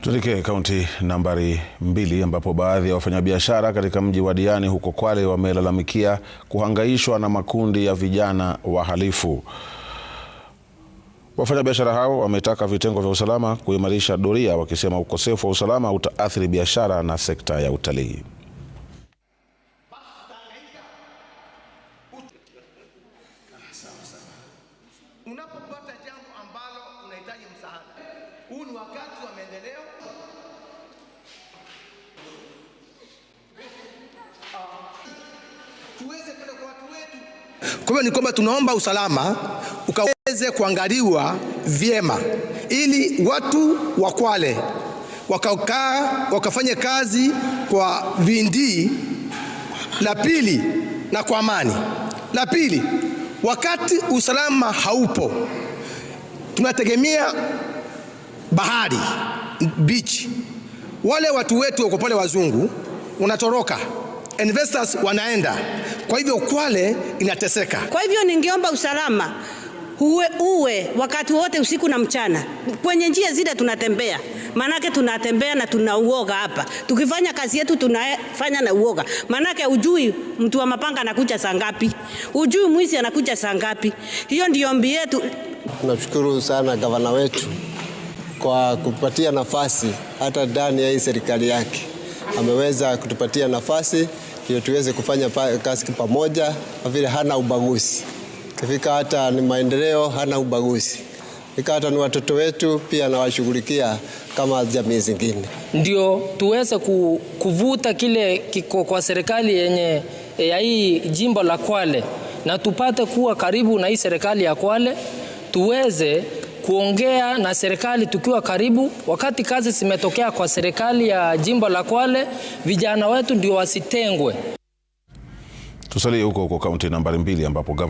Tuelekee kaunti nambari mbili ambapo baadhi ya wafanyabiashara katika mji wa Diani huko Kwale wamelalamikia kuhangaishwa na makundi ya vijana wahalifu. Wafanyabiashara hao wametaka vitengo vya usalama kuimarisha doria, wakisema ukosefu wa usalama utaathiri biashara na sekta ya utalii. Huu ni wakati wa maendeleo. Ah, tuweze kwenda kwa watu wetu. Kwa hiyo ni kwamba tunaomba usalama ukaweze kuangaliwa vyema, ili watu wa Kwale wakakaa wakafanya kazi kwa vindii la pili na kwa amani. La pili, wakati usalama haupo tunategemea bahari beach, wale watu wetu wako pale wazungu, unatoroka investors wanaenda, kwa hivyo Kwale inateseka. Kwa hivyo ningeomba usalama uwe, uwe wakati wote usiku na mchana kwenye njia zile tunatembea, maanake tunatembea na tunauoga hapa. Tukifanya kazi yetu tunafanya na uoga, maanake ujui mtu wa mapanga anakuja saa ngapi, ujui mwizi anakuja saa ngapi. Hiyo ndio ombi yetu. Tunashukuru sana gavana wetu kwa kupatia nafasi hata ndani ya hii serikali yake ameweza kutupatia nafasi ndio tuweze kufanya kazi pamoja, kwa vile hana ubaguzi kifika, hata ni maendeleo, hana ubaguzi kifika, hata ni watoto wetu pia anawashughulikia kama jamii zingine, ndio tuweze kuvuta kile kiko kwa serikali yenye eh, ya hii jimbo la Kwale na tupate kuwa karibu na hii serikali ya Kwale tuweze kuongea na serikali tukiwa karibu. Wakati kazi zimetokea kwa serikali ya jimbo la Kwale, vijana wetu ndio wasitengwe. Tusalie huko huko kaunti nambari mbili ambapo